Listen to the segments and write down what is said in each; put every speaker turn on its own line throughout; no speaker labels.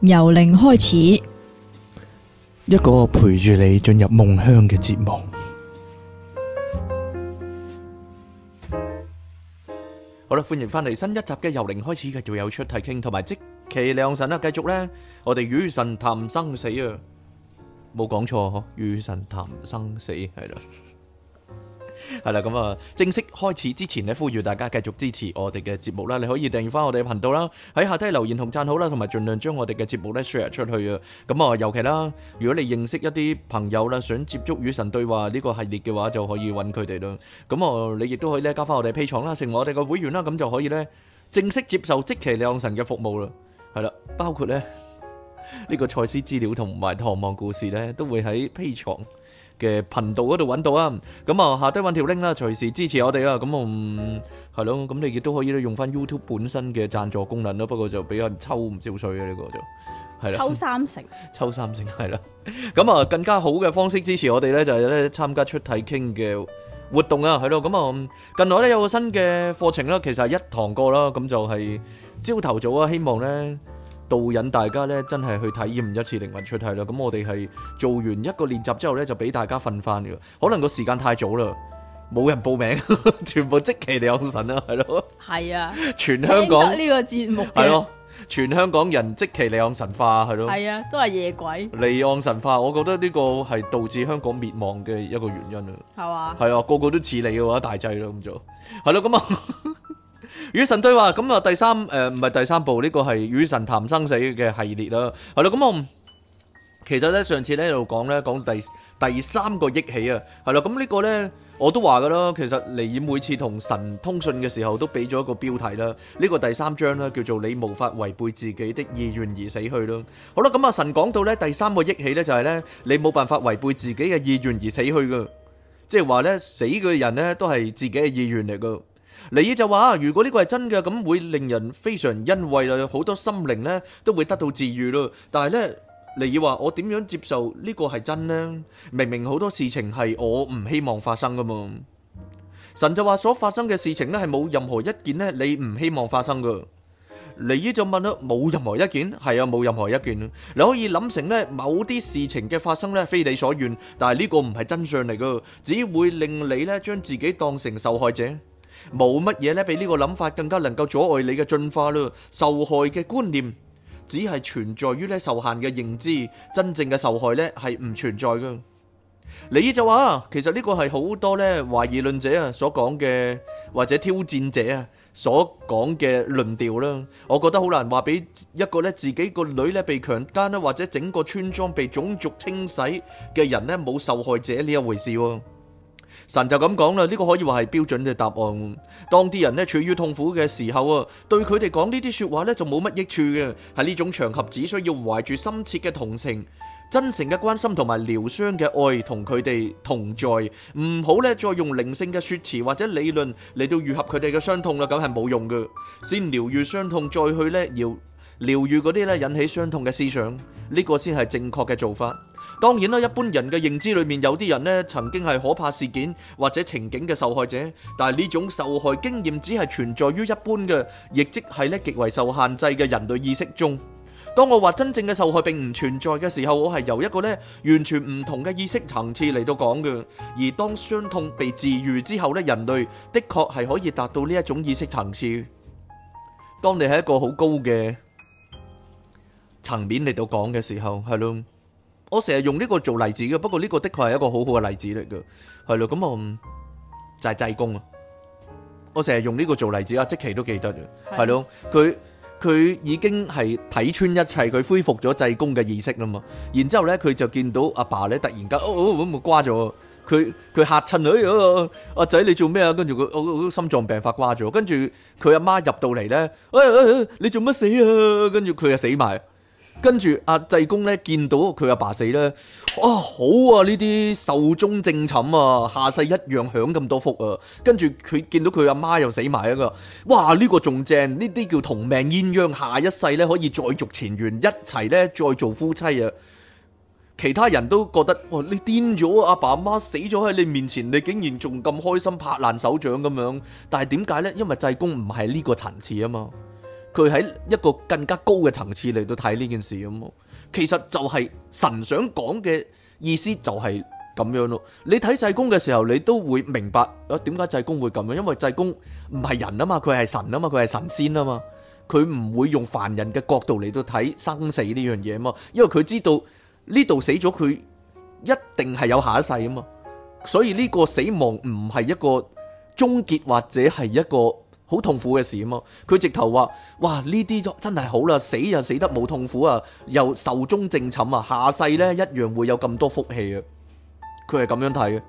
由零開始，一
個陪住你進入夢鄉嘅節目。 好啦，歡迎翻嚟新一集嘅由零開始，繼續有出題傾，同埋即其兩神啦。繼續咧，我哋與神談生死啊，冇講錯嗬，與神談生死係啦。 係啦，咁啊、嗯，正式開始之前咧，呼籲大家繼續支持我哋嘅節目啦。你可以訂閱翻我哋嘅頻道啦，喺下低留言同讚好啦，同埋盡量將我哋嘅節目咧 share 出去啊。咁、嗯、啊，尤其啦，如果你認識一啲朋友啦，想接觸與神對話呢個系列嘅話，就可以揾佢哋啦。咁、嗯、啊，你亦都可以咧加翻我哋 P 廠啦，成為我哋嘅會員啦，咁就可以咧正式接受即期兩神嘅服務啦。係、嗯、啦，包括咧呢 個賽斯資料同埋唐望故事呢，都會喺 P 廠。嘅頻道嗰度揾到啊，咁啊，下低揾條 link 啦，隨時支持我哋啊，咁我係咯，咁你亦都可以咧用翻 YouTube 本身嘅贊助功能咯，不過就比較抽唔少水嘅呢、這個就係啦，抽三成，抽三成係啦，咁啊、嗯、更加好嘅方式支持我哋咧就係、是、咧參加出體傾嘅活動啊，係咯，咁、嗯、啊，近來咧有個新嘅課程啦，其實係一堂過啦，咁、嗯、就係朝頭早啊，希望咧。導引大家咧，真係去體驗一次靈魂出體啦。咁我哋係做完一個練習之後咧，就俾大家瞓翻嘅。可能個時間太早啦，冇人報名， 全部即期離岸神啊，係咯。
係啊的，全
香港呢
個節目係咯，
全香港人即期離岸神化，係咯。係
啊，都係夜鬼離
岸神化，我覺得呢個係導致香港滅亡嘅一個原因啊。係嘛的？係啊，個個都似你嘅話，大劑咯咁做，係咯咁啊。 與神對話咁啊、嗯，第三誒唔係第三部呢、呢個係與神談生死嘅系列啦，係啦，咁我其實咧上次咧喺度講咧講第第三個憶起啊，係啦，咁呢個咧我都話噶啦，其實尼爾每次同神通訊嘅時候都俾咗一個標題啦，呢、這個第三章啦叫做你無法違背自己的意願而死去咯，好啦，咁啊神講到咧第三個憶起咧就係、是、咧你冇辦法違背自己嘅意願而死去噶，即係話咧死嘅人咧都係自己嘅意願嚟噶。尼爾就話：，如果呢個係真嘅，咁會令人非常欣慰啦，好多心靈咧都會得到治愈咯。但係咧，尼爾話：，我點樣接受呢個係真呢？明明好多事情係我唔希望發生噶嘛。神就話：，所發生嘅事情咧係冇任何一件咧你唔希望發生噶。尼爾就問啦：，冇任何一件？係啊，冇任何一件。你可以諗成咧，某啲事情嘅發生咧非你所願，但係呢個唔係真相嚟噶，只會令你咧將自己當成受害者。冇乜嘢咧，比呢個諗法更加能夠阻礙你嘅進化咯。受害嘅觀念只係存在於咧受限嘅認知，真正嘅受害咧係唔存在噶。你就話，其實呢個係好多咧懷疑論者啊所講嘅，或者挑戰者啊所講嘅論調啦。我覺得好難話俾一個咧自己個女咧被強姦啦，或者整個村莊被種族清洗嘅人咧冇受害者呢一回事。神就咁講啦，呢個可以話係標準嘅答案。當啲人呢，處於痛苦嘅時候啊，對佢哋講呢啲說話呢，就冇乜益處嘅。喺呢種場合，只需要懷住深切嘅同情、真誠嘅關心同埋療傷嘅愛，同佢哋同在。唔好呢，再用靈性嘅說辭或者理論嚟到愈合佢哋嘅傷痛啦，咁係冇用嘅。先療愈傷痛，再去呢，療療愈嗰啲呢引起傷痛嘅思想，呢個先係正確嘅做法。當然啦，一般人嘅認知裏面有啲人呢，曾經係可怕事件或者情景嘅受害者，但係呢種受害經驗只係存在於一般嘅，亦即係咧極為受限制嘅人類意識中。當我話真正嘅受害並唔存在嘅時候，我係由一個呢完全唔同嘅意識層次嚟到講嘅。而當傷痛被治愈之後呢，人類的確係可以達到呢一種意識層次。當你喺一個好高嘅層面嚟到講嘅時候，係咯。我成日用呢個做例子嘅，不過呢個的確係一個好好嘅例子嚟嘅，係咯，咁啊就係濟公啊！我、嗯、成日用呢個做例子啊，即期都記得嘅，係咯，佢佢已經係睇穿一切，佢恢復咗濟公嘅意識啦嘛，然之後咧佢就見到阿爸咧突然間哦咁掛咗，佢佢嚇親佢，阿仔你做咩啊？跟住佢我心臟病發掛咗，跟住佢阿媽入到嚟咧，誒你做乜死啊？跟住佢又死埋。跟住阿、啊、濟公咧，見到佢阿爸死咧，啊，好啊，呢啲壽終正寢啊，下世一樣享咁多福啊。跟住佢見到佢阿媽又死埋一個，哇呢、呢個仲正，呢啲叫同命鴛鴦，下一世咧可以再續前緣，一齊咧再做夫妻啊。其他人都覺得哇，你癲咗，阿爸阿媽死咗喺你面前，你竟然仲咁開心，拍爛手掌咁樣。但係點解呢？因為濟公唔係呢個層次啊嘛。佢喺一個更加高嘅層次嚟到睇呢件事啊嘛，其實就係神想講嘅意思就係咁樣咯。你睇濟公嘅時候，你都會明白啊，點解濟公會咁樣，因為濟公唔係人啊嘛，佢係神啊嘛，佢係神仙啊嘛，佢唔會用凡人嘅角度嚟到睇生死呢樣嘢啊嘛，因為佢知道呢度死咗，佢一定係有下一世啊嘛，所以呢個死亡唔係一個終結或者係一個好痛苦嘅事啊嘛！佢直頭話，哇呢啲真係好啦，死又死得冇痛苦啊，又壽終正寢啊，下世咧一樣會有咁多福氣啊！佢係咁樣睇嘅。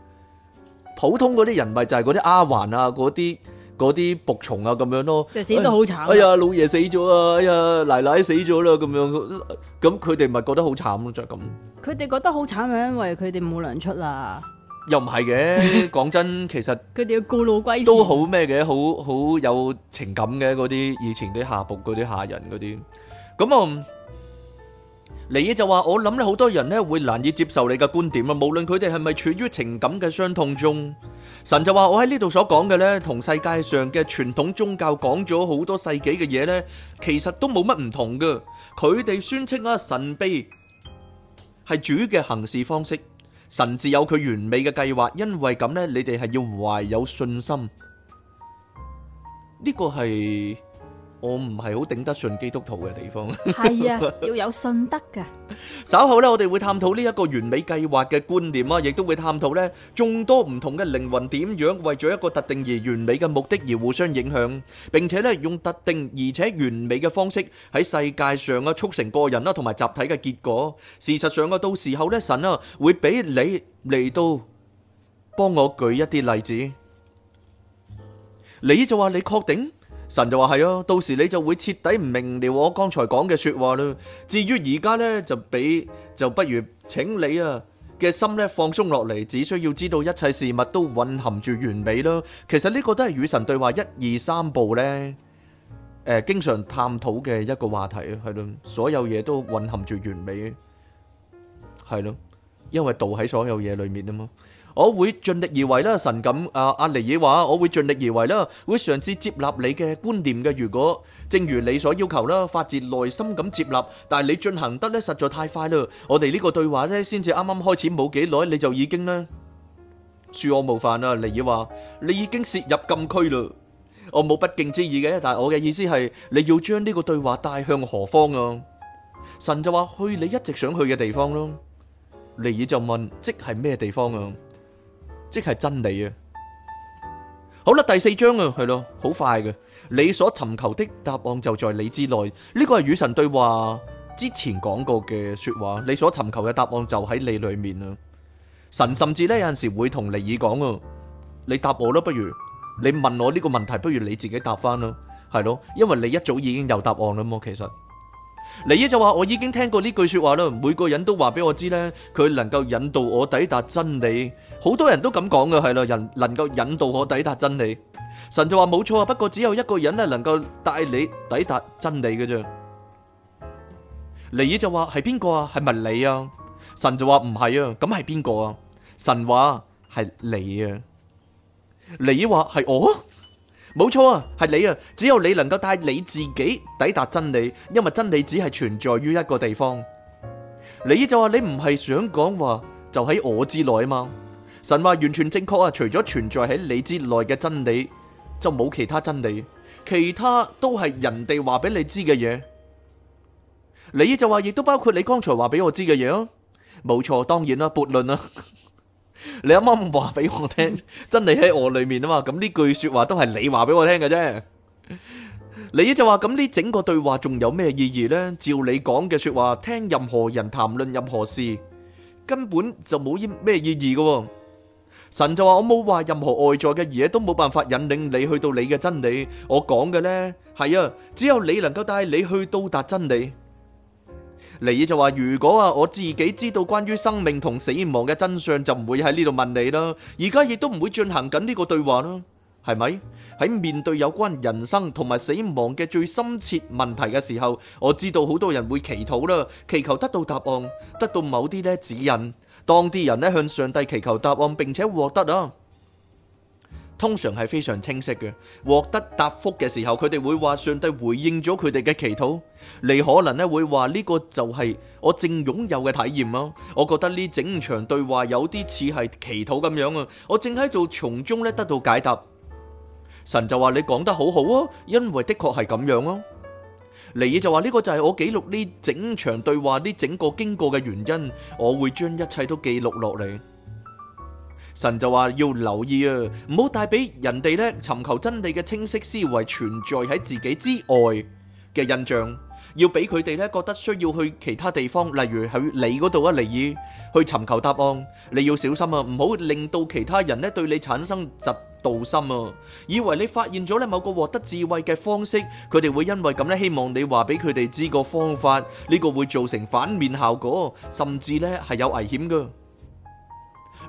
普通嗰啲人咪就係嗰啲丫鬟啊，嗰啲啲僕從啊咁樣咯。就死得好慘哎。哎呀，老爺死咗啊！哎呀，奶奶死咗啦！咁樣，咁佢哋咪覺得好慘咯，就係咁。
佢哋覺得好慘係因為佢哋冇糧出啦。
又唔係嘅，講真，其實
佢哋要告老歸，都好
咩嘅，好好有情感嘅嗰啲以前啲下僕嗰啲下人嗰啲，咁啊，尼爾就話，我諗咧，好多人咧會難以接受你嘅觀點啊，無論佢哋係咪處於情感嘅傷痛中。神就話，我喺呢度所講嘅咧，同世界上嘅傳統宗教講咗好多世紀嘅嘢咧，其實都冇乜唔同噶。佢哋宣稱啊，神秘係主嘅行事方式。神自有佢完美嘅計劃，因為咁咧，你哋係要懷有信心。呢、呢個係。我唔係好頂得順基督徒嘅地方。係啊，要有
信德嘅。
稍後咧，我哋會探討呢一個完美計劃嘅觀念啊，亦都會探討咧眾多唔同嘅靈魂點樣為咗一個特定而完美嘅目的而互相影響，並且咧用特定而且完美嘅方式喺世界上啊促成個人啦同埋集體嘅結果。事實上啊，到時候咧，神啊會俾你嚟到幫我舉一啲例子。你就話你確定？神就話係哦，到時你就會徹底唔明瞭我剛了我剛才講嘅說話啦。至於而家呢，就比就不如請你啊嘅心呢，放鬆落嚟，只需要知道一切事物都蘊含住完美咯。其實呢個都係與神對話一二三部呢，誒、呃，經常探討嘅一個話題，係咯，所有嘢都蘊含住完美，係咯，因為道喺所有嘢裏面啊嘛。我會盡力而為啦，神。咁啊，阿尼爾話我會盡力而為啦，會嘗試接納你嘅觀念嘅。如果正如你所要求啦，發自內心咁接納，但係你進行得咧實在太快啦。我哋呢個對話咧先至啱啱開始冇幾耐，你就已經咧，恕我冒犯啦。尼爾話你已經涉入禁區啦，我冇不敬之意嘅，但係我嘅意思係你要將呢個對話帶向何方啊？神就話，去你一直想去嘅地方咯。尼爾就問，即係咩地方啊？即係真理啊！好啦，第四章啊，係咯，好快嘅。你所尋求的答案就在你之內，呢、這個係與神對話之前講過嘅說話。你所尋求嘅答案就喺你裏面啊！神甚至呢，有陣時會同尼爾講啊，你答我咯，不如你問我呢個問題，不如你自己答翻咯，係咯，因為你一早已經有答案啦嘛，其實。尼爾就話：我已經聽過呢句說話啦，每個人都話俾我知咧，佢能夠引導我抵達真理。好多人都咁講嘅係啦，人能夠引導我抵達真理。神就話冇錯啊，不過只有一個人咧能夠帶你抵達真理嘅啫。尼爾就話：係邊個啊？係咪你啊？神就話：唔係啊，咁係邊個啊？神話係你啊。尼爾話係我。冇錯啊，係你啊，只有你能夠帶你自己抵達真理，因為真理只係存在於一個地方。你就話你唔係想講話就喺我之內啊嘛？神話完全正確啊，除咗存在喺你之內嘅真理，就冇其他真理，其他都係人哋話俾你知嘅嘢。你就話亦都包括你剛才話俾我知嘅嘢咯？冇錯，當然啦，悖論啊。你啱啱話俾我聽，真理喺我裏面啊嘛，咁呢句說話都係你話俾我聽嘅啫。 你就話，咁呢整個對話仲有咩意義呢？照你講嘅說話，聽任何人談論任何事，根本就冇咩意義嘅。神就話，我冇話任何外在嘅嘢都冇辦法引領你去到你嘅真理，我講嘅呢，係啊，只有你能夠帶你去到達真理。尼爾就話：如果啊，我自己知道關於生命同死亡嘅真相，就唔會喺呢度問你啦。而家亦都唔會進行緊呢個對話啦，係咪？喺面對有關人生同埋死亡嘅最深切問題嘅時候，我知道好多人會祈禱啦，祈求得到答案，得到某啲咧指引。當啲人咧向上帝祈求答案，並且獲得啊。通常係非常清晰嘅。獲得答覆嘅時候，佢哋會話上帝回應咗佢哋嘅祈禱。你可能咧會話呢、這個就係我正擁有嘅體驗咯。我覺得呢，整場對話有啲似係祈禱咁樣啊。我正喺度從中咧得到解答。神就話，你講得好好啊，因為的確係咁樣咯。尼爾就話呢、這個就係我記錄呢整場對話呢整個經過嘅原因，我會將一切都記錄落嚟。神就話要留意啊，唔好帶俾人哋咧尋求真理嘅清晰思維存在喺自己之外嘅印象，要俾佢哋咧覺得需要去其他地方，例如喺你嗰度啊，尼爾去尋求答案。你要小心啊，唔好令到其他人咧對你產生嫉妒心啊，以為你發現咗咧某個獲得智慧嘅方式，佢哋會因為咁咧希望你話俾佢哋知個方法，呢個會造成反面效果，甚至咧係有危險噶。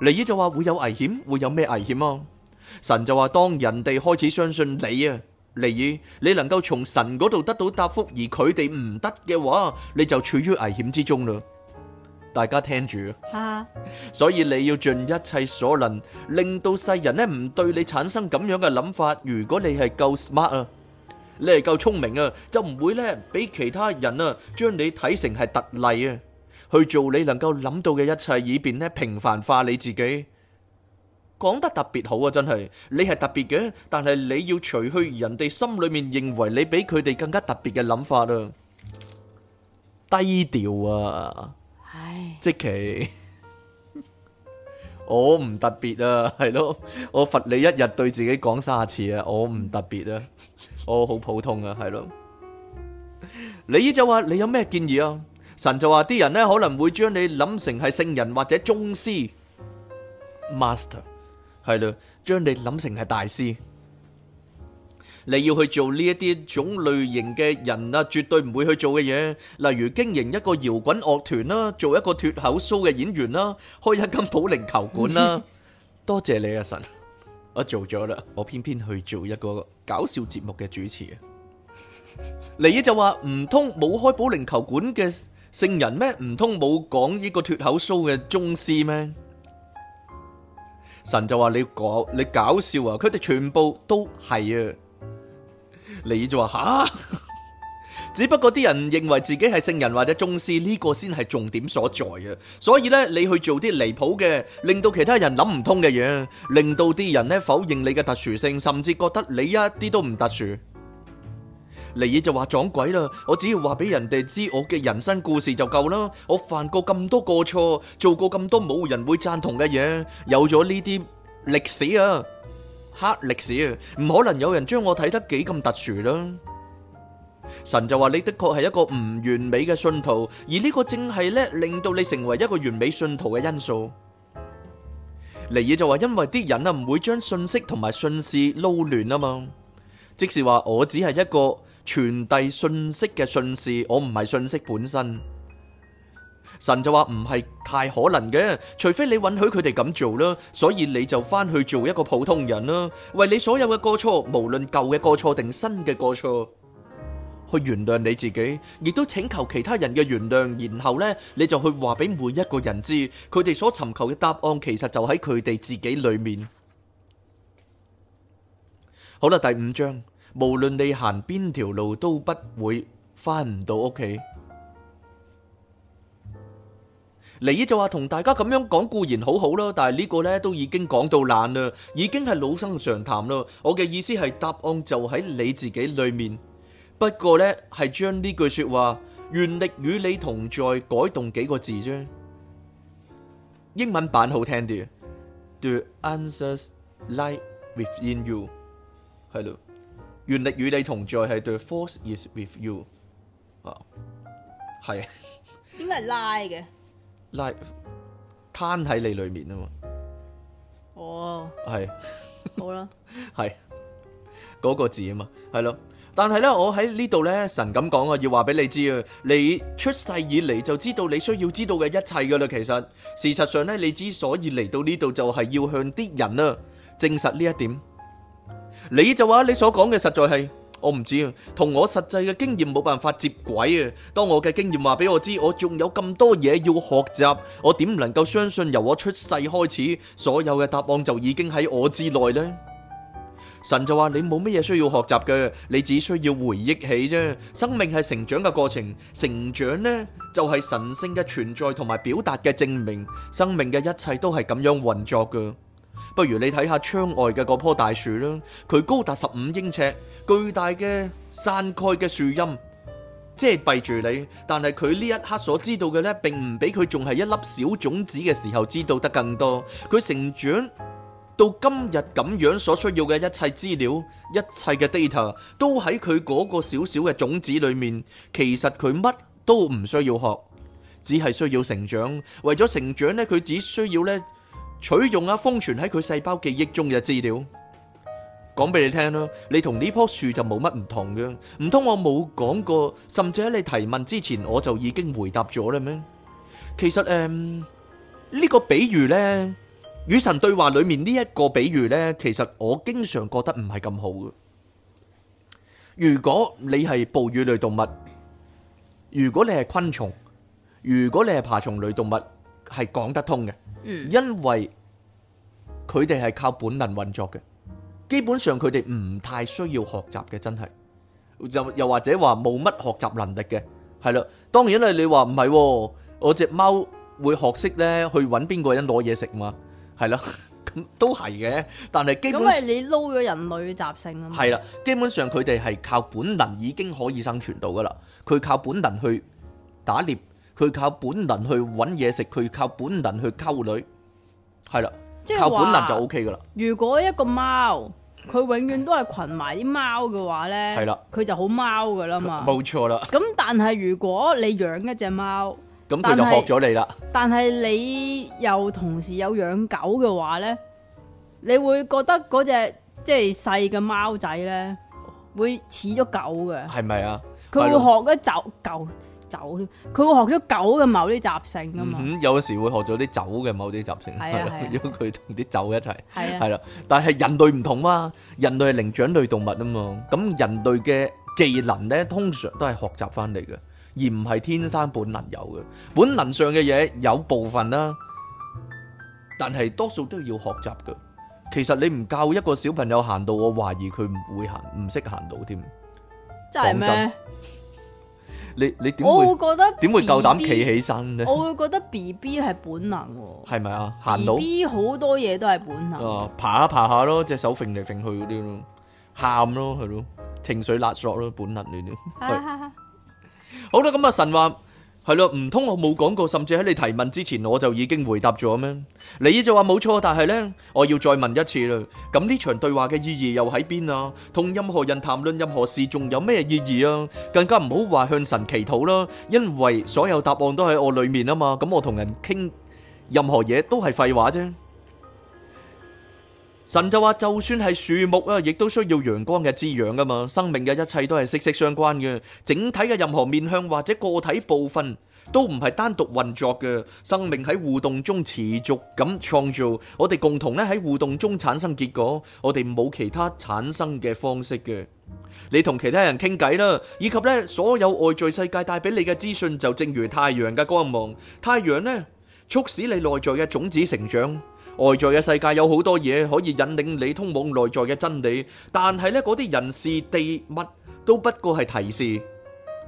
尼爾就話，會有危險，會有咩危險啊？神就話，當人哋開始相信你啊，尼爾，你能夠從神嗰度得到答覆，而佢哋唔得嘅話，你就處於危險之中咯。大家聽住，啊，所以你要盡一切所能，令到世人咧唔對你產生咁樣嘅諗法。如果你係夠 smart 啊，你係夠聰明啊，就唔會咧俾其他人啊將你睇成係特例啊。去做你能夠諗到嘅一切，以便呢平凡化你自己。講得特別好啊，真係。你係特別嘅，但係你要除去人哋心裏面認為你比佢哋更加特別嘅諗法啊。低調啊，唉即期奇 我唔特別啊，係咯，我罰你一日對自己講三十次啊，我唔特別啊， 我好普通啊，係咯。 你就話你有咩建議啊？神就話啲人咧，可能會將你諗成係聖人或者宗師，Master，係啦，將你諗成係大師。你要去做呢一啲種類型嘅人啊，絕對唔會去做嘅嘢，例如經營一個搖滾樂團啦，做一個脫口 show 嘅演員啦，開一間保齡球館啦。多謝你啊神，我做咗啦，我偏偏去做一個搞笑節目嘅主持啊。你咧就話，唔通冇開保齡球館嘅？聖人咩？唔通冇講呢個脱口 show 嘅宗師咩？神就話你講你搞笑啊！佢哋全部都係啊！你就話吓，只不過啲人認為自己係聖人或者宗師呢個先係重點所在啊！所以咧，你去做啲離譜嘅，令到其他人諗唔通嘅嘢，令到啲人咧否認你嘅特殊性，甚至覺得你一啲都唔特殊。尼爾就話撞鬼啦！我只要話俾人哋知我嘅人生故事就夠啦。我犯過咁多過錯，做過咁多冇人會贊同嘅嘢，有咗呢啲歷史啊，黑歷史啊，唔可能有人將我睇得幾咁特殊啦。神就話你的確係一個唔完美嘅信徒，而呢個正係咧令到你成為一個完美信徒嘅因素。尼爾就話因為啲人啊唔會將信息同埋訊事撈亂啊嘛，即是話我只係一個。傳遞信息嘅信使，我唔係信息本身。神就話唔係太可能嘅，除非你允許佢哋咁做啦。所以你就翻去做一個普通人啦，為你所有嘅過錯，無論舊嘅過錯定新嘅過錯，去原諒你自己，亦都請求其他人嘅原諒。然後呢，你就去話俾每一個人知，佢哋所尋求嘅答案其實就喺佢哋自己裏面。好啦，第五章。無論你行邊條路，都不會翻唔到屋企。尼爾就話同大家咁樣講固然好好啦，但係呢個咧都已經講到爛啦，已經係老生常談啦。我嘅意思係答案就喺你自己裏面，不過咧係將呢句說話“原力與你同在”改動幾個字啫。英文版好聽啲，The answers lie within you。係咯。原力與你同在係對，Force is with you，啊，係。
點解係拉嘅？
拉攤喺你裏面啊嘛。
哦，係。好啦。
係嗰個字啊嘛，係咯。但係咧，我喺呢度咧，神咁講啊，要話俾你知啊，你出世以嚟就知道你需要知道嘅一切噶啦。其實事實上咧，你之所以嚟到呢度，就係要向啲人啊證實呢一點。你就話你所講嘅實在係我唔知，同我實際嘅經驗冇辦法接軌啊！當我嘅經驗話俾我知，我仲有咁多嘢要學習，我點能夠相信由我出世開始，所有嘅答案就已經喺我之內呢？神就話，你冇乜嘢需要學習嘅，你只需要回憶起啫。生命係成長嘅過程，成長呢就係神聖嘅存在同埋表達嘅證明。生命嘅一切都係咁樣運作嘅。不如你睇下窗外嘅嗰棵大樹啦，佢高達十五英尺，巨大嘅散蓋嘅樹蔭即係閉住你。但係佢呢一刻所知道嘅咧，並唔比佢仲係一粒小種子嘅時候知道得更多。佢成長到今日咁樣，所需要嘅一切資料、一切嘅 data，都喺佢嗰個小小嘅種子裏面。其實佢乜都唔需要學，只係需要成長。為咗成長咧，佢只需要咧，取用啊，封存喺佢細胞記憶中嘅資料，講俾你聽啦。你同呢棵樹就冇乜唔同嘅。唔通我冇講過，甚至喺你提問之前我就已經回答咗啦咩？其實誒，呢、嗯，這個比喻呢，與神對話裏面呢一個比喻呢，其實我經常覺得唔係咁好嘅。如果你係哺乳類動物，如果你係昆蟲，如果你係爬蟲類動物。係講得通嘅，嗯、因為佢哋係靠本能運作嘅，基本上佢哋唔太需要學習嘅，真係，又又或者話冇乜學習能力嘅，係啦。當然啦，你話唔係，我隻貓會學識咧去搵邊個人攞嘢食嘛，係啦，咁 都係嘅。但係基本上因
為你撈咗人類嘅習性啊嘛。係
啦，基本上佢哋係靠本能已經可以生存到噶啦，佢靠本能去打獵。佢靠本能去揾嘢食，佢靠本能去溝女，係啦，即係靠本能就 OK 噶啦。
如果一個貓，佢永遠都係群埋啲貓嘅話呢，係啦的，佢就好貓噶啦嘛。冇錯啦。咁但係如果你養一隻貓，
咁佢那它 是就學咗你啦。
但係你又同時有養狗嘅話呢，你會覺得嗰隻即係細嘅貓仔呢，會似咗狗嘅？
係咪啊？佢會學
得就。走狗 酒，佢會學咗狗嘅某啲習性噶嘛，
嗯？有時會學咗啲酒嘅某啲習性，啊啊、 因為佢同啲酒一齊，係啦、啊。啊、但係人類唔同啊，人類係靈長類動物啊嘛。咁人類嘅技能呢，通常都係學習翻嚟嘅，而唔係天生本能有嘅。本能上嘅嘢有部分啦，但係多數都要學習噶。其實你唔教一個小朋友行到，我懷疑佢唔會行，唔識行到添。
真咩？講
真 你你點？我會覺得點會夠膽企起身咧？我會
覺得 B B 係本能喎。
係咪 啊？行到 B
好多嘢都係本
能。哦、 呃，爬一下爬下咯，隻手揈嚟揈去嗰啲咯，喊咯係咯，情緒勒索咯，本能嗰啲。係 是。 好啦，咁啊神話。係咯，唔通我冇講過，甚至喺你提問之前我就已經回答咗咩？你就話冇錯，但係呢，我要再問一次啦。咁呢場對話嘅意義又喺邊啊？同任何人談論任何事，仲有咩意義啊？更加唔好話向神祈禱啦，因為所有答案都喺我裏面啊嘛。咁我同人傾任何嘢都係廢話啫。神就話，就算係樹木啊，亦都需要陽光嘅滋養噶嘛。生命嘅一切都係息息相關嘅，整體嘅任何面向或者個體部分都唔係單獨運作嘅。生命喺互動中持續咁創造，我哋共同咧喺互動中產生結果。我哋冇其他產生嘅方式嘅。你同其他人傾偈啦，以及咧所有外在世界帶俾你嘅資訊，就正如太陽嘅光芒，太陽呢，促使你內在嘅種子成長。外在嘅世界有好多嘢，可以引領你通往內在嘅真理，但係咧嗰啲人事地物都不過係提示，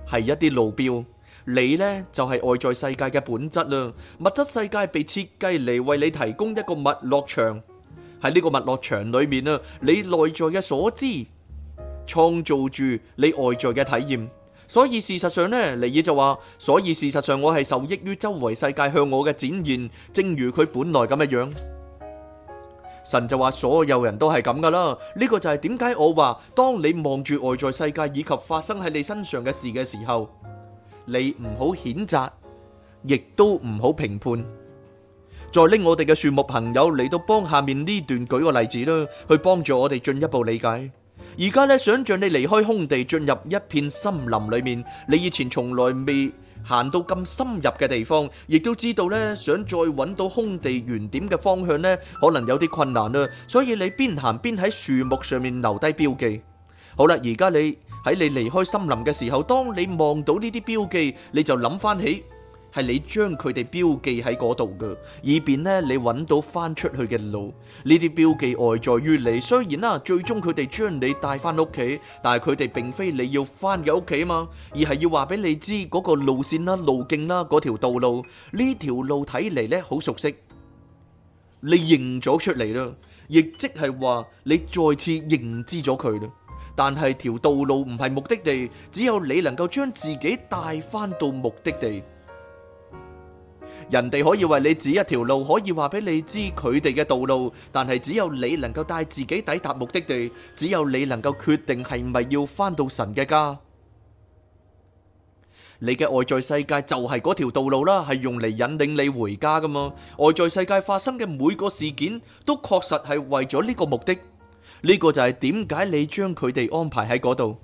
係一啲路標。你呢，就係、是、外在世界嘅本質啦，物質世界被設計嚟為你提供一個物樂場。喺呢個物樂場裏面啊，你內在嘅所知創造住你外在嘅體驗。所以事實上呢，尼爾就話：所以事實上我係受益於周圍世界向我嘅展現，正如佢本來咁嘅樣。神就話所有人都係咁噶啦，呢個就係點解我話，當你望住外在世界以及發生喺你身上嘅事嘅時候，你唔好譴責，亦都唔好評判。再拎我哋嘅樹木朋友嚟到幫下面呢段舉個例子啦，去幫助我哋進一步理解。而家咧，想象你離開空地，進入一片森林裏面，你以前從來未。行到咁深入嘅地方，亦都知道咧，想再揾到空地原點嘅方向咧，可能有啲困難啦。所以你邊行邊喺樹木上面留低標記。好啦，而家你喺你離開森林嘅時候，當你望到呢啲標記，你就諗翻起。係你將佢哋標記喺嗰度嘅，以便呢你揾到翻出去嘅路。呢啲標記外在於你，雖然啦、啊，最終佢哋將你帶翻屋企，但係佢哋並非你要翻嘅屋企嘛，而係要話俾你知嗰、嗰個路線啦、啊、路徑啦、啊、嗰條道路。呢條路睇嚟呢好熟悉，你認咗出嚟啦，亦即係話你再次認知咗佢啦。但係條道路唔係目的地，只有你能夠將自己帶翻到目的地。人哋可以為你指一條路，可以話俾你知佢哋嘅道路，但係只有你能夠帶自己抵達目的地，只有你能夠決定係咪要返到神嘅家。你嘅外在世界就係嗰條道路啦，係用嚟引領你回家噶嘛。外在世界發生嘅每個事件都確實係為咗呢個目的，呢個就係點解你將佢哋安排喺嗰度。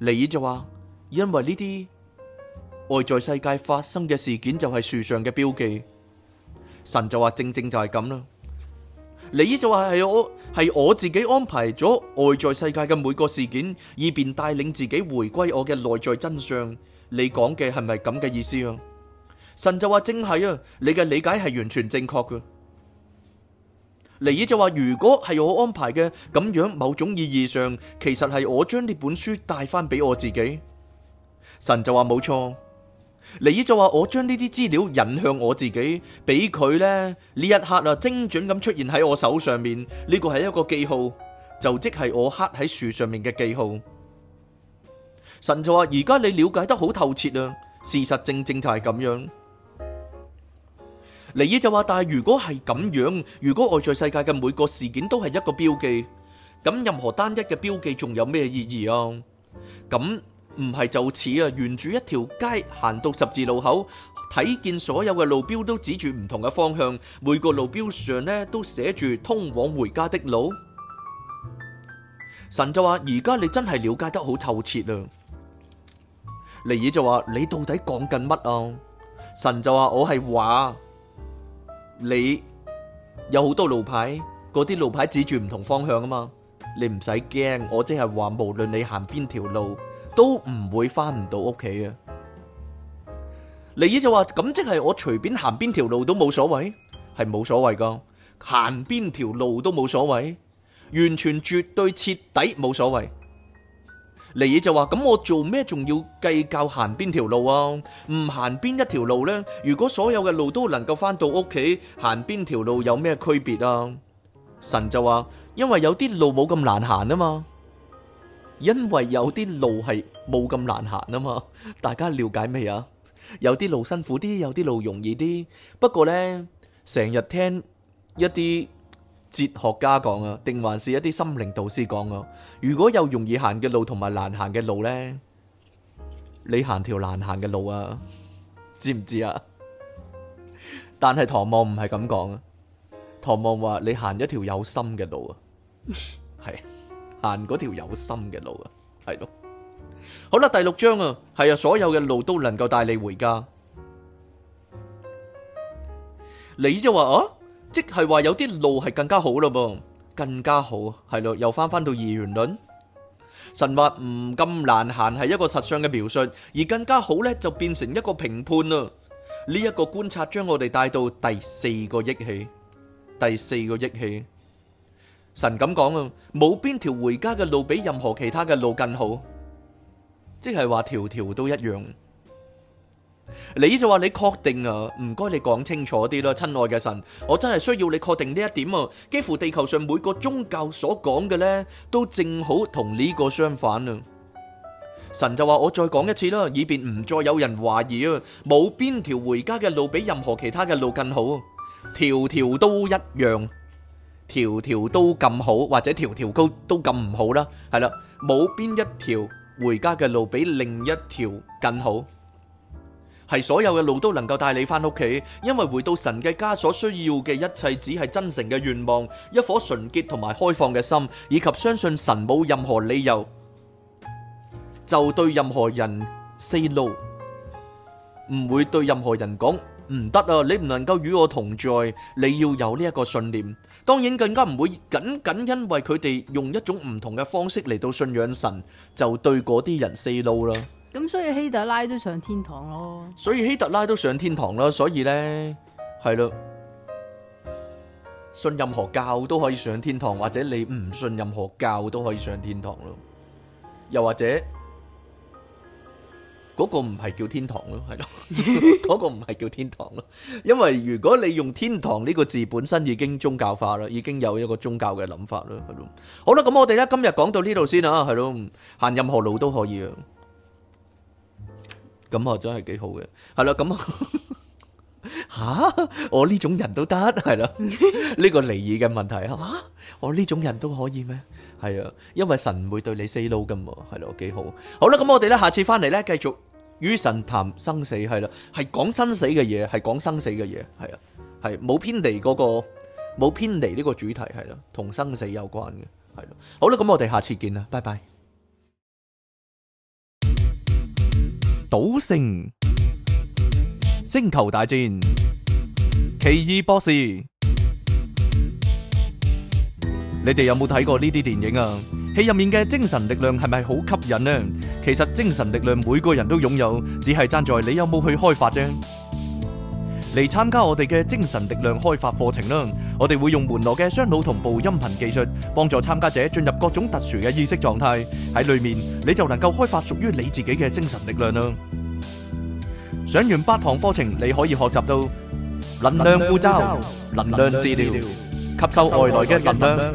尼爾就話，因為呢啲。外在世界發生嘅事件就係樹上嘅標記，神就話正正就係咁啦。尼爾就話，係我係我自己安排咗外在世界嘅每個事件，以便帶領自己回歸我嘅內在真相。你講嘅係咪咁嘅意思啊？神就話正係啊，你嘅理解係完全正確嘅。尼爾就話，如果係我安排嘅，咁樣某種意義上其實係我將呢本書帶翻俾我自己。神就話冇錯。尼爾就話：我將呢啲資料引向我自己，俾佢呢，呢一刻啊，精準咁出現喺我手上面，呢個係一個記號，就即係我刻喺樹上面嘅記號。神就話：而家你了解得好透徹啊，事實正正就係咁樣。尼爾就話：但係如果係咁樣，如果外在世界嘅每個事件都係一個標記，咁任何單一嘅標記仲有咩意義啊？咁唔係就似啊，沿住一條街行到十字路口，睇見所有嘅路標都指住唔同嘅方向，每個路標上呢，都寫住通往回家的路。神就話：而家你真係了解得好透徹啊！尼爾就話：你到底講緊乜啊？神就話：我係話，你有好多路牌，嗰啲路牌指住唔同方向啊嘛。你唔使驚，我即係話，無論你行邊條路。都唔會翻唔到屋企嘅尼爾就話：咁即係我隨便行邊條路都冇所謂，係冇所謂噶，行邊條路都冇所謂，完全絕對徹底冇所謂。尼爾就話：咁我做咩仲要計較行邊條路啊？唔行邊一條路呢？如果所有嘅路都能夠翻到屋企，行邊條路有咩區別啊？神就話：因為有啲路冇咁難行啊嘛。因為有啲路係冇咁難行啊嘛，大家了解未啊？有啲路辛苦啲，有啲路容易啲。不過呢，成日聽一啲哲學家講啊，定還是一啲心靈導師講啊？如果有容易行嘅路同埋難行嘅路呢，你行條難行嘅路啊，知唔知啊？但係唐望唔係咁講啊，唐望話你行一條有心嘅路啊，係。 行嗰條有心嘅路啊，係咯，好啦，第六章啊，係啊，所有嘅路都能夠帶你回家。你就話啊，即係話有啲路係更加好啦噃，更加好，係咯，又翻返到二元論。神話唔咁難行係一個實相嘅描述，而更加好呢就變成一個評判啦。呢一個觀察將我哋帶到第四個憶起，第四個憶起。神咁講啊，冇邊條回家嘅路比任何其他嘅路更好，即係話條條都一樣。你就話你確定啊？唔該，你講清楚啲啦，親愛嘅神，我真係需要你確定呢一點啊！幾乎地球上每個宗教所講嘅呢，都正好同呢個相反啊！神就話我再講一次啦，以便唔再有人懷疑啊！冇邊條回家嘅路比任何其他嘅路更好，條條都一樣。條條都咁好，或者條條高都咁唔好啦，係啦，冇邊一條回家嘅路比另一條更好，係所有嘅路都能夠帶你翻屋企。因為回到神嘅家所需要嘅一切，只係真誠嘅願望，一顆純潔同埋開放嘅心，以及相信神冇任何理由就對任何人 say no，唔會對任何人講唔得啊，你唔能夠與我同在，你要有呢一個信念。當然更加唔會僅僅因為佢哋用一種唔同嘅方式嚟到信仰神，就對嗰啲人 say no 啦。
咁所以希特拉都上天堂咯。
所以希特拉都上天堂啦。所以呢，係咯，信任何教都可以上天堂，或者你唔信任何教都可以上天堂咯。又或者。嗰個唔係叫天堂咯，係咯，嗰個唔係叫天堂咯，因為如果你用天堂呢個字本身已經宗教化啦，已經有一個宗教嘅諗法啦，係咯。好啦，咁我哋咧今日講到呢度先啊，係咯，行任何路都可以，咁啊真係幾好嘅，係啦，咁啊，吓我呢種人都得，係啦，呢個離異嘅問題啊，吓我呢種人都可以咩？係啊，因為神會對你 say no 噶嘛，係咯，幾好。好啦，咁我哋咧下次翻嚟咧，繼續與神談生死，係啦，係講生死嘅嘢，係講生死嘅嘢，係啊，係冇偏離嗰個冇偏離呢個主題，係啦，同生死有關嘅，係咯。好啦，咁我哋下次見啦，拜拜。賭聖、星球大戰、奇異博士。你哋有冇睇過呢啲電影啊？戲入面嘅精神力量係咪好吸引呢？其實精神力量每個人都擁有，只係爭在你有冇去開發啫。嚟參加我哋嘅精神力量開發課程啦！我哋會用門羅嘅雙腦同步音頻技術，幫助參加者進入各種特殊嘅意識狀態。喺裏面你就能夠開發屬於你自己嘅精神力量啦。上完八堂課程，你可以學習到能量護罩、能量治療、吸收外來嘅能量，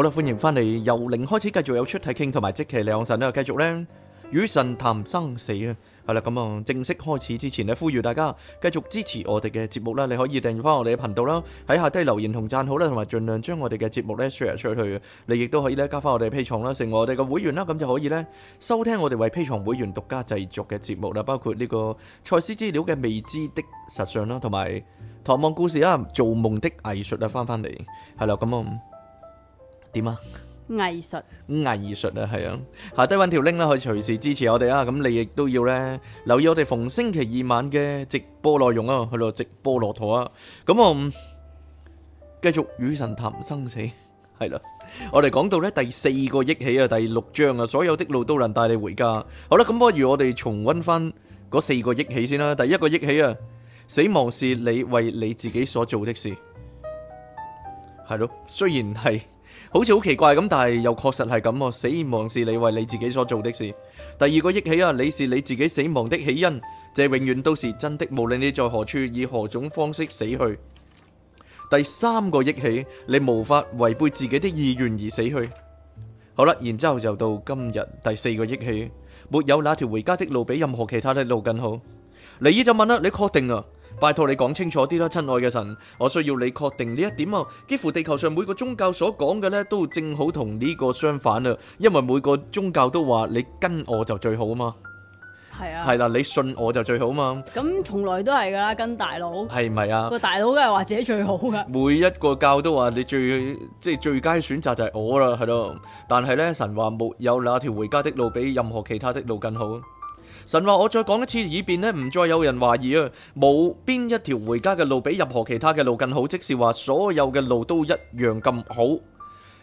好啦，歡迎翻嚟，由零開始，繼續有出題傾，同埋即期兩神咧，繼續咧與神談生死啊！係、嗯、啦，咁、嗯、啊，正式開始之前咧，呼籲大家繼續支持我哋嘅節目啦！你可以訂閱翻我哋嘅頻道啦，喺下低留言同讚好啦，同埋盡量將我哋嘅節目咧 share 出去。你亦都可以咧加翻我哋 P 創啦，成為我哋嘅會員啦，咁就可以咧收聽我哋為 P 創會員獨家製作嘅節目啦，包括呢個賽斯資料嘅未知的實相啦，同埋唐望故事啊、《做夢的藝術》啊。翻翻嚟係啦，咁、嗯、啊～點啊？
藝術
藝術啊，係啊術，下低搵條 link 啦，可以隨時支持我哋啊。咁你亦都要咧留意我哋逢星期二晚嘅直播內容啊，去到直播駱駝啊。咁我繼續與神談生死，係啦。我哋講到咧第四個憶起啊，第六章啊，所有的路都能帶你回家。好啦，咁不如我哋重溫翻嗰四個憶起先啦。第一個憶起啊，死亡是你為你自己所做的事，係咯。雖然係。好似好奇怪咁，但係又確實係咁。死亡是你為你自己所做的事。第二個憶起啊，你是你自己死亡的起因，這永遠都是真的，無論你在何處，以何種方式死去。第三個憶起，你無法違背自己的意願而死去。好啦，然之後就到今日，第四個憶起，沒有哪條回家的路比任何其他的路更好。尼爾就問啦：你確定啊？拜託你講清楚啲啦，親愛嘅神，我需要你確定呢一點啊！幾乎地球上每個宗教所講嘅呢都正好同呢個相反啊，因為每個宗教都話你跟我就最好啊嘛，
係啊，係
啦、啊，你信我就最好嘛。
咁從來都係噶啦，跟大佬
係咪啊？個
大佬都係話自己最好噶。
每一個教都話你最即係最佳選擇就係我啦，係咯、啊。但係呢，神話沒有那條回家的路比任何其他的路更好。神話，我再講一次，以便呢唔再有人懷疑啊！冇邊一條回家嘅路比任何其他嘅路更好，即是話所有嘅路都一樣咁好，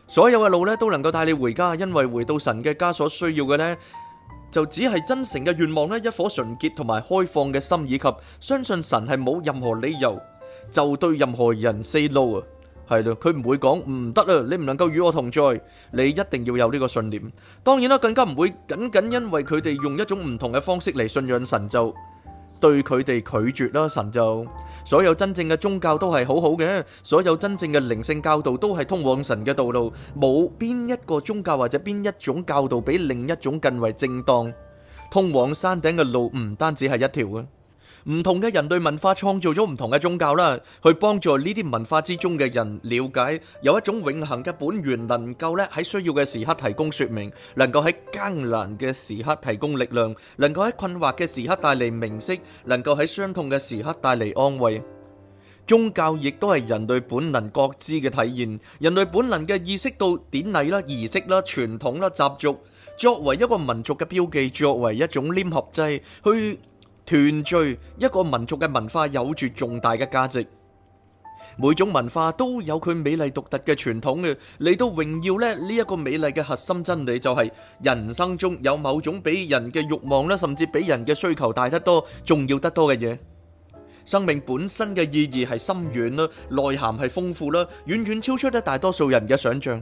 所有嘅路呢，都能夠帶你回家，因為回到神嘅家所需要嘅呢，就只係真誠嘅願望呢一顆純潔同埋開放嘅心，以及相信神係冇任何理由就對任何人 say no 啊！係咯，佢唔會講唔得啊！你唔能夠與我同在，你一定要有呢個信念。當然啦，更加唔會僅僅因為佢哋用一種唔同嘅方式嚟信仰神就對佢哋拒絕啦。神就所有真正嘅宗教都係好好嘅，所有真正嘅靈性教導都係通往神嘅道路，冇邊一個宗教或者邊一種教導比另一種更為正當。通往山頂嘅路唔單止係一條嘅。唔同嘅人類文化創造咗唔同嘅宗教啦，去幫助呢啲文化之中嘅人了解有一種永恒嘅本源，能夠咧喺需要嘅時刻提供說明，能夠喺艱難嘅時刻提供力量，能夠喺困惑嘅時刻帶嚟明晰，能夠喺傷痛嘅時刻帶嚟安慰。宗教亦都係人類本能覺知嘅體現，人類本能嘅意識到典禮啦、儀式啦、傳統啦、習俗，作為一個民族嘅標記，作為一種黏合劑去。團聚一個民族嘅文化有住重大嘅價值，每種文化都有佢美麗獨特嘅傳統嘅，嚟到榮耀呢一個美麗嘅核心真理就係人生中有某種比人嘅慾望咧，甚至比人嘅需求大得多、重要得多嘅嘢。生命本身嘅意義係深遠啦，內涵係豐富啦，遠遠超出咗大多數人嘅想象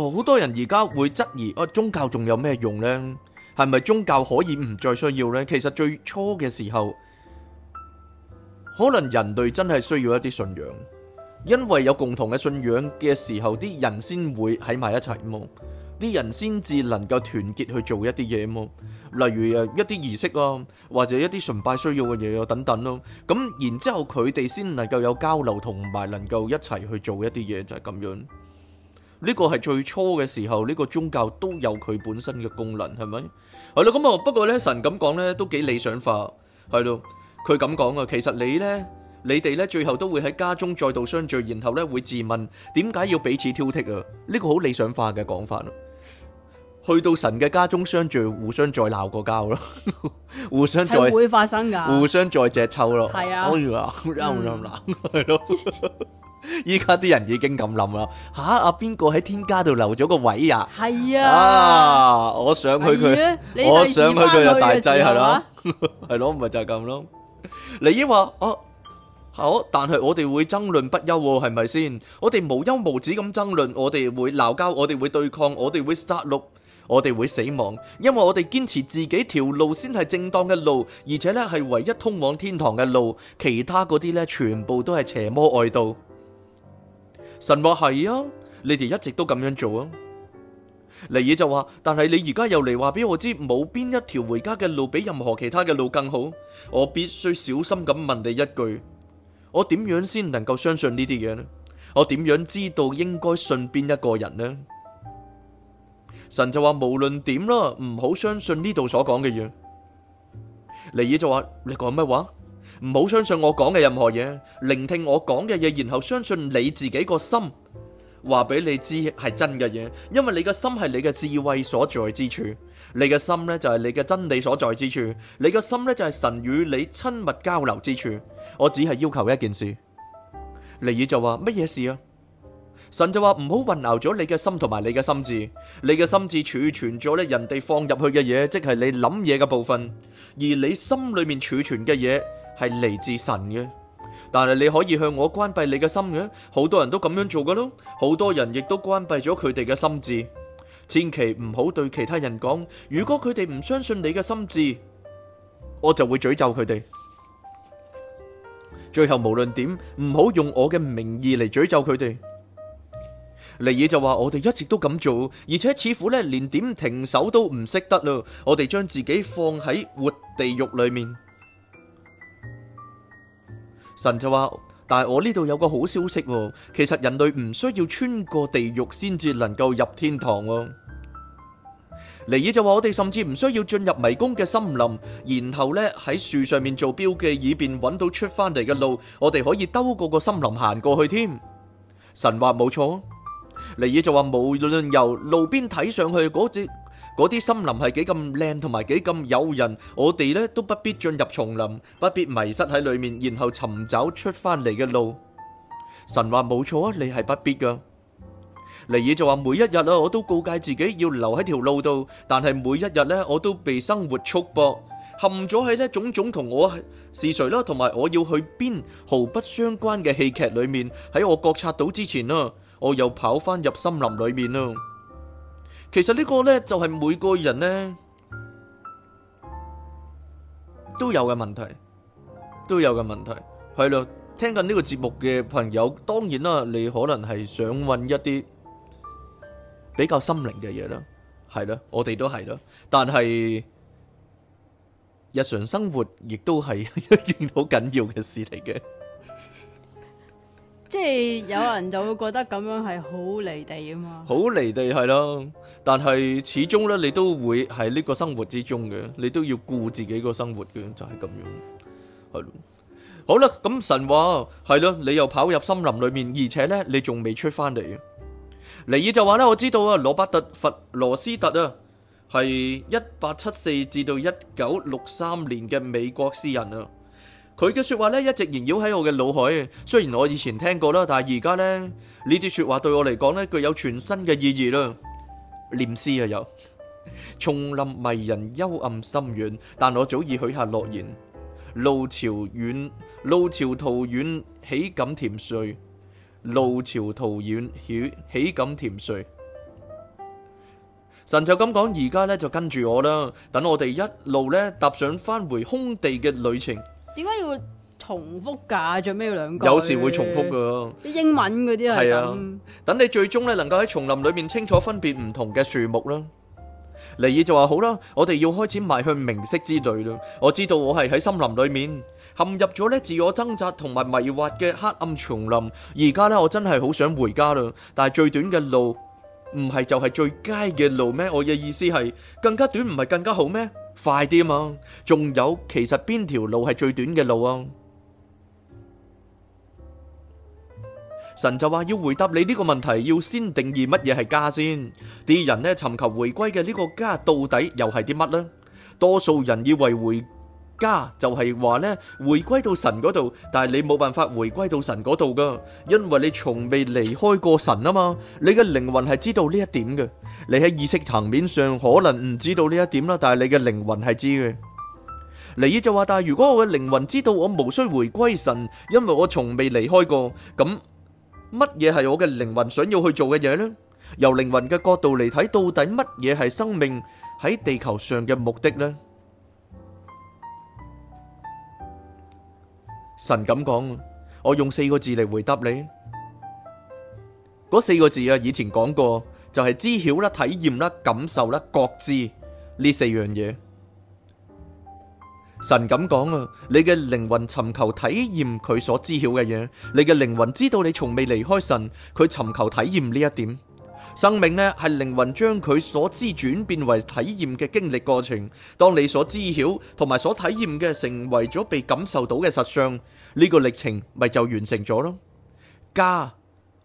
哦、好多人而家會質疑，我、啊、宗教仲有咩用呢？係咪宗教可以唔再需要呢？其實最初嘅時候，可能人類真係需要一啲信仰，因為有共同嘅信仰嘅時候，啲人先會喺埋一齊麼？啲人先至能夠團結去做一啲嘢麼？例如一啲儀式啊，或者一啲崇拜需要嘅嘢啊等等咯。咁然之後佢哋先能夠有交流，同埋能夠一齊去做一啲嘢，就係、是、咁樣。呢個係最初嘅時候，呢個宗教都有佢本身嘅功能，係咪？係咯，咁啊，不過咧神咁講咧都幾理想化，係咯。佢咁講啊，其實你咧，你哋咧最後都會喺家中再度相聚，然後咧會自問點解要彼此挑剔啊？呢個好理想化嘅講法咯。去到神嘅家中相聚，互相再鬧個交咯，互相再會
發生噶，互
相再借抽咯，係啊，好啊，咁樣咁樣咯，係咯。依家啲人已經咁諗啦，吓阿邊個喺天家度留咗個位呀，啊？
係啊，啊，
我想去佢，啊，我想去佢，啊啊，就大濟係咯，係咯，咪就係咁咯。你話：哦，好，但係我哋會爭論不休，啊，係咪先？我哋無休無止咁爭論，我哋會鬧交，我哋會對抗，我哋會殺戮，我哋會死亡，因為我哋堅持自己條路先係正當嘅路，而且咧係唯一通往天堂嘅路，其他嗰啲咧全部都係邪魔外道。神話係啊，你哋一直都咁樣做啊。尼爾就話，但係你而家又嚟話俾我知，冇邊一條回家嘅路比任何其他嘅路更好。我必須小心咁問你一句，我點樣先能夠相信呢啲嘢呢？我點樣知道應該信邊一個人呢？神就話，無論點啦，唔好相信呢度所講嘅嘢。尼爾就話，你講咩話？唔好相信我講嘅任何嘢，聆聽我講嘅嘢，然後相信你自己個心，話俾你知係真嘅嘢，因為你嘅心係你嘅智慧所在之處，你嘅心呢就係你嘅真理所在之處，你嘅心呢就係神與你親密交流之處。我只係要求一件事，尼爾就話乜嘢事啊？神就話唔好混淆咗你嘅心同埋你嘅心智，你嘅心智儲存咗呢人哋放入去嘅嘢，即係你諗嘢嘅部分，而你心裏面儲存嘅嘢，係嚟自神嘅，但係你可以向我關閉你嘅心嘅，好多人都咁樣做嘅咯，好多人亦都關閉咗佢哋嘅心智，千祈唔好對其他人講，如果佢哋唔相信你嘅心智，我就會詛咒佢哋。最後無論點，唔好用我嘅名義嚟詛咒佢哋。尼爾就話：我哋一直都咁做，而且似乎咧連點停手都唔識得嘞，我哋將自己放喺活地獄裏面。神就話，但係我呢度有個好消息，哦，其實人類唔需要穿過地獄先至能夠入天堂，哦。尼爾就話，我哋甚至唔需要進入迷宮嘅森林，然後呢喺樹上面做標記，以便揾到出翻嚟嘅路。我哋可以兜過個森林行過去添。神話冇錯，尼爾就話，無論由路邊睇上去嗰隻嗰啲森林係幾咁靚同埋幾咁誘人，我哋咧都不必進入叢林，不必迷失喺裏面，然後尋找出翻嚟嘅路。神話冇錯啊，你係不必噶。尼爾就話，每一日啊，我都告誡自己要留喺條路度，但係每一日咧，我都被生活束縛，陷咗喺呢種種同我是誰啦、同埋我要去邊毫不相關嘅戲劇裏面，喺我覺察到之前啊，我又跑翻入森林裏面啊。其實呢個咧就係每個人咧都有嘅問題，都有嘅問題係啦。聽緊呢個節目嘅朋友，當然啦，你可能係想問一啲比較心靈嘅嘢啦，係啦，我哋都係啦，但係日常生活亦都係一件好緊要嘅事嚟嘅。
即係有人就會覺得咁樣係好離地啊嘛，
好離地係咯，但係始終咧你都會喺呢個生活之中嘅，你都要顧自己個生活嘅，就係咁樣，係咯。好啦，咁神話係咯，你又跑入森林裏面，而且咧你仲未出翻嚟。尼爾就話咧，我知道啊，羅伯特佛羅斯特啊，係一八七四至到一九六三年嘅美國詩人啊。佢嘅說話咧，一直縈繞喺我嘅腦海。雖然我以前聽過啦，但係而家咧呢啲說話對我嚟講咧，具有全新嘅意義啦。念詩啊，有，叢林迷人，幽暗深遠，但我早已許下諾言。路迢遠，路迢途遠，豈敢甜睡。路迢途遠，豈豈敢甜睡。神就咁講，而家咧就跟住我啦，等我哋一路咧踏上返回，回空地嘅旅程。
點解要重複噶？做咩要兩個。有時會重複噶。啲英文嗰啲係咁。
等你最終咧，能夠喺叢林裏面清楚分別唔同嘅樹木啦。尼爾就話，好啦，我哋要開始邁向明晰之旅啦。我知道我係喺森林裏面陷入咗咧自我掙扎同埋迷惑嘅黑暗叢林。而家咧，我真係好想回家啦。但係最短嘅路唔係就係最佳嘅路咩？我嘅意思係更加短唔係更加好咩？快啲啊嘛，仲有，其實邊條路係最短嘅路啊？神就話要回答你呢個問題，要先定義乜嘢係家先。啲人呢，尋求回歸嘅呢個家，到底又係啲乜呢？多數人以為回。家就係話呢，回歸到神嗰度，但係你冇辦法回歸到神嗰度噶，因為你從未離開過神啊嘛。你嘅靈魂係知道呢一點嘅，你喺意識層面上可能唔知道呢一點啦，但係你嘅靈魂係知嘅。尼爾就話，但係如果我嘅靈魂知道我無需回歸神，因為我從未離開過，咁乜嘢係我嘅靈魂想要去做嘅嘢呢？由靈魂嘅角度嚟睇，到底乜嘢係生命喺地球上嘅目的呢？神咁講，我用四個字嚟回答你。嗰四個字啊，以前講過，就係、是、知曉啦、體驗啦、感受啦、覺知呢四樣嘢。神咁講啊，你嘅靈魂尋求體驗佢所知曉嘅嘢，你嘅靈魂知道你從未離開神，佢尋求體驗呢一點。生命呢係靈魂將佢所知轉變為體驗嘅經歷過程。當你所知曉同埋所體驗嘅成為咗被感受到嘅實相，呢個歷程咪就完成咗咯。家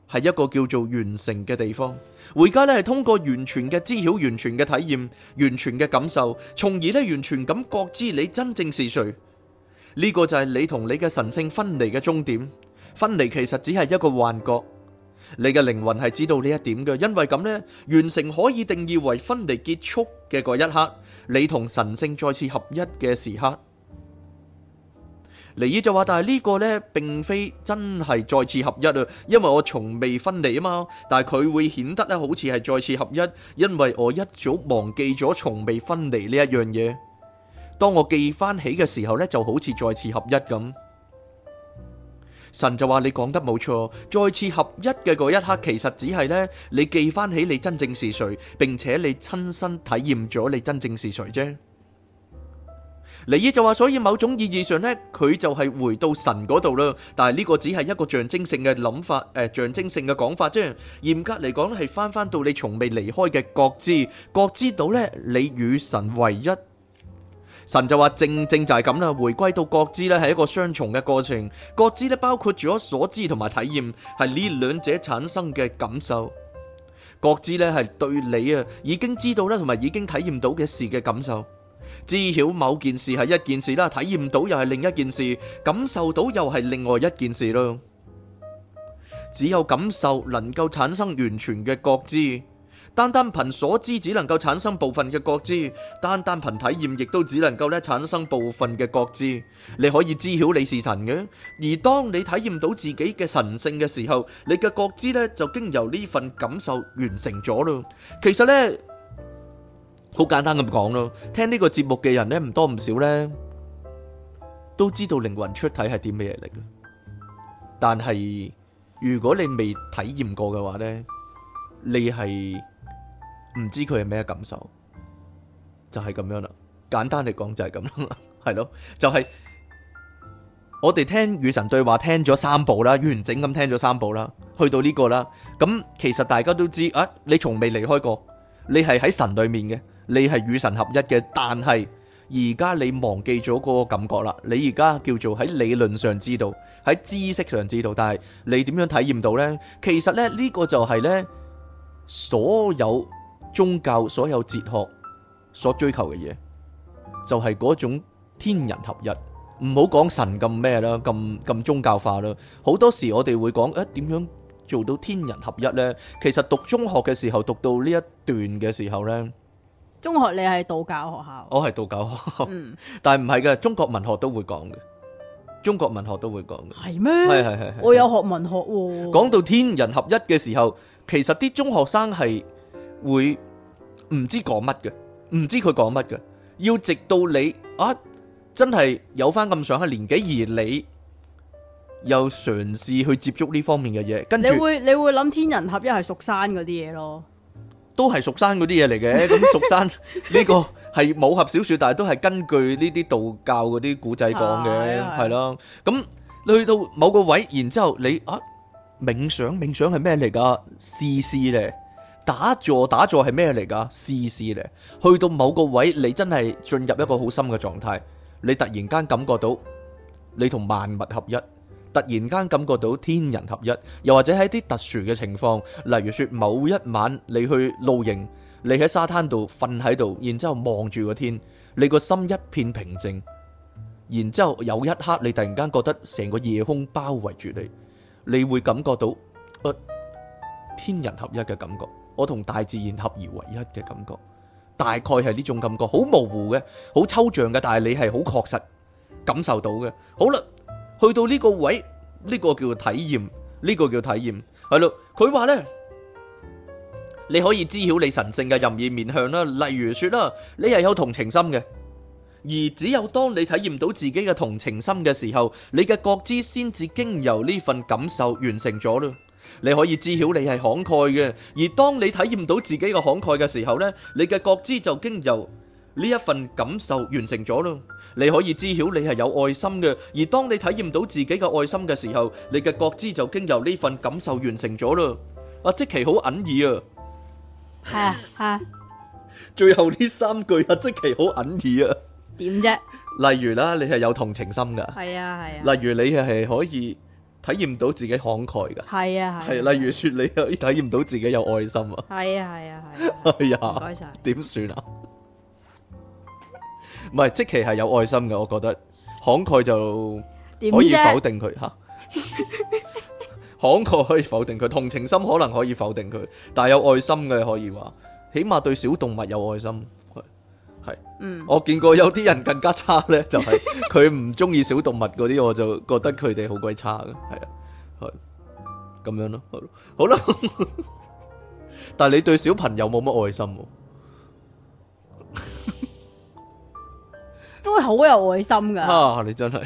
係一個叫做完成嘅地方。回家呢係通過完全嘅知曉、完全嘅體驗、完全嘅感受，從而呢完全咁覺知你真正是誰。呢個就係你同你嘅神性分離嘅終點。分離其實只係一個幻覺。你嘅靈魂係知道呢一點嘅，因為咁呢，完成可以定義為分離結束嘅嗰一刻，你同神聖再次合一嘅時刻。尼爾就話，但係呢個呢，並非真係再次合一啊，因為我從未分離啊嘛。但係佢會顯得呢，好似係再次合一，因為我一早忘記咗從未分離呢一樣嘢。當我記翻起嘅時候呢，就好似再次合一咁。神就話你講得冇錯，再次合一嘅嗰一刻，其實只係呢：「你記翻起你真正是誰，並且你親身體驗咗你真正是誰啫。」尼爾就話，所以某種意義上呢，佢就係回到神嗰度啦。但係呢個只係一個象徵性嘅諗法，誒、呃，象徵性嘅講法啫。嚴格嚟講咧，係翻翻到你從未離開嘅覺知，覺知到呢，你與神唯一。神就話正正就係咁啦，回歸到覺知咧係一個雙重嘅過程。覺知咧包括咗所知同埋體驗，係呢兩者產生嘅感受。覺知咧係對你啊已經知道啦同埋已經體驗到嘅事嘅感受。知曉某件事係一件事啦，體驗到又係另一件事，感受到又係另外一件事咯。只有感受能夠產生完全嘅覺知。單單憑所知只能夠產生部分嘅覺知，單單憑體驗亦都只能夠咧產生部分嘅覺知。你可以知曉你是神嘅，而當你體驗到自己嘅神性嘅時候，你嘅覺知咧就經由呢份感受完成咗咯。其實咧，好簡單咁講咯，聽呢個節目嘅人咧唔多唔少咧，都知道靈魂出體係啲咩嘢嚟嘅，但係如果你未體驗過嘅話咧，你係。唔知佢係咩感受，就係、是、咁樣啦。簡單嚟講就係咁啦，係 咯，就係、是、我哋聽與神對話聽咗三部啦，完整咁聽咗三部啦，去到呢個啦。咁其實大家都知啊，你從未離開過，你係喺神裏面嘅，你係與神合一嘅。但係而家你忘記咗嗰個感覺啦，你而家叫做喺理論上知道，喺知識上知道，但係你點樣體驗到呢？其實呢，呢、這個就係呢所有。宗教所有哲學所追求嘅嘢，就係嗰種天人合一。唔好講神咁咩啦，咁咁宗教化啦。好多時我哋會講誒，點樣做到天人合一呢？其實讀中學嘅時候，讀到呢一段嘅時候呢，
中學你係道教學校，
我係道教學校，嗯，但係唔係嘅，中國文學都會講嘅，中國文學都會講嘅，係咩？係係係係，我有
學文學喎。
講到天人合一嘅時候，其實啲中學生係會。唔知講乜嘅，唔知佢講乜嘅，要直到你啊，真係有翻咁上下年紀，而你又嘗試去接觸呢方面嘅嘢，跟住你會
你會諗天人合一係蜀山嗰啲嘢咯，
都係蜀山嗰啲嘢嚟嘅。咁蜀山呢個係武俠小說， 但係都係根據呢啲道教嗰啲古仔講嘅，係咯。 咁的去到某個位，然之後你啊冥想，冥想係咩嚟噶？試試咧。打坐，打坐係咩嚟噶？試試咧，去到某個位，你真係進入一個好深嘅狀態，你突然間感覺到你同萬物合一，突然間感覺到天人合一，又或者喺啲特殊嘅情況，例如說某一晚你去露營，你喺沙灘度瞓喺度，然之後望住個天，你個心一片平靜，然之後有一刻你突然間覺得成個夜空包圍住你，你會感覺到、呃、天人合一嘅感覺。我同大自然合而為一嘅感覺，大概係呢種感覺，好模糊嘅，好抽象嘅，但係你係好確實感受到嘅。好啦，去到呢個位，呢個叫做體驗，呢個叫體驗，係咯。佢話呢，你可以知曉你神聖嘅任意面向啦，例如說啦，你係有同情心嘅，而只有當你體驗到自己嘅同情心嘅時候，你嘅覺知先至經由呢份感受完成咗啦。你可以知曉你係慷慨嘅，而當你體驗到自己嘅慷慨嘅時候咧，你嘅覺知就經由呢一份感受完成咗咯。你可以知曉你係有愛心嘅，而當你體驗到自己嘅愛心嘅時候，你嘅覺知就經由呢份感受完成咗咯。啊，即其好引耳啊，係啊，係啊，最後呢三句啊，即其好引耳啊，點啫？例如啦，你係有同情心㗎，係啊
係啊，例
如你係係可以。體驗到自己慷慨噶，係
啊係，啊啊例
如說你可以體驗到自己有愛心啊，係啊係啊係，係啊，唔該晒。點算啊？唔係， 即其係有愛心嘅，我覺得慷慨就可以否定佢吓。樣 慷慨可以否定佢，同情心可能可以否定佢，但係有愛心嘅可以話，起碼對小動物有愛心。嗯，我見過有啲人更加差咧，就係佢唔中意小動物嗰啲，我就覺得佢哋好鬼差嘅，係啊，係咁樣咯，好啦， 但係你對小朋友冇乜愛心，啊，
都會好有愛心噶，啊，
你真係，